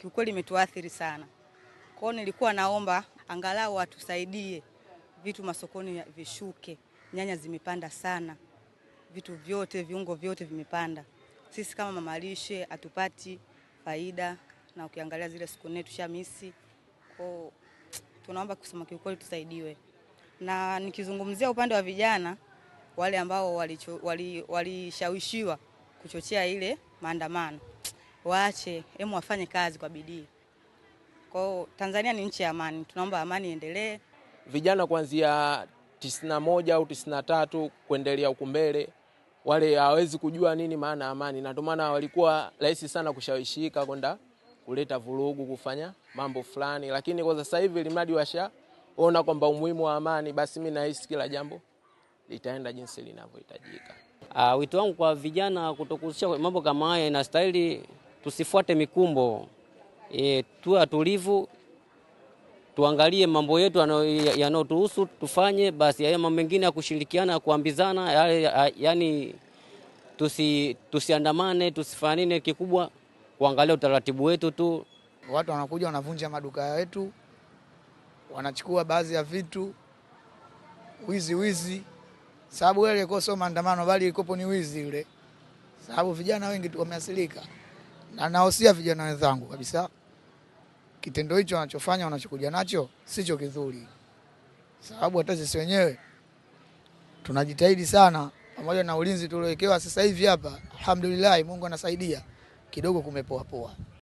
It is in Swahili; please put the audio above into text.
kiukweli imetuathiri sana. Kwa hiyo nilikuwa naomba angalau watusaidie vitu masokoni vishuke, nyanya zimepanda sana, vitu vyote, viungo vyote vimepanda. Sisi kama mama lishe hatupati faida, na ukiangalia zile siku nne tushamisi. Kwa hiyo tunaomba kusema kiukweli tusaidiwe, na nikizungumzia upande wa vijana wale ambao walishawishiwa wali, wali kuchochea ile maandamano waache, hemu wafanye kazi kwa bidii. Kwao Tanzania ni nchi ya amani, tunaomba amani iendelee. Vijana kuanzia tisini na moja au tisini na tatu kuendelea huku mbele, wale hawezi kujua nini maana amani, na ndio maana walikuwa rahisi sana kushawishika kwenda kuleta vurugu, kufanya mambo fulani, lakini kwa sasa hivi limradi washa ona kwamba umuhimu wa amani, basi mimi nahisi kila jambo litaenda jinsi linavyohitajika. Uh, wito wangu kwa vijana kutokuhusisha mambo kama haya, inastahili tusifuate mikumbo e, tuwe tulivu, tuangalie mambo yetu yanayotuhusu tufanye basi, hayo mambo mengine ya kushirikiana ya kuambizana ya, yani tusi, tusiandamane tusifanye nini, kikubwa kuangalia utaratibu wetu tu. Watu wanakuja wanavunja maduka yetu, wanachukua baadhi ya vitu, wizi wizi, sababu ile ilikuwa sio maandamano, bali ilikopo ni wizi ule, sababu vijana wengi wameasilika na naosia vijana wenzangu kabisa, kitendo hicho wanachofanya wanachokuja nacho sicho kizuri, sababu hata sisi wenyewe tunajitahidi sana, pamoja na ulinzi tuliowekewa sasa hivi hapa. Alhamdulillah, Mungu anasaidia kidogo, kumepoa poa.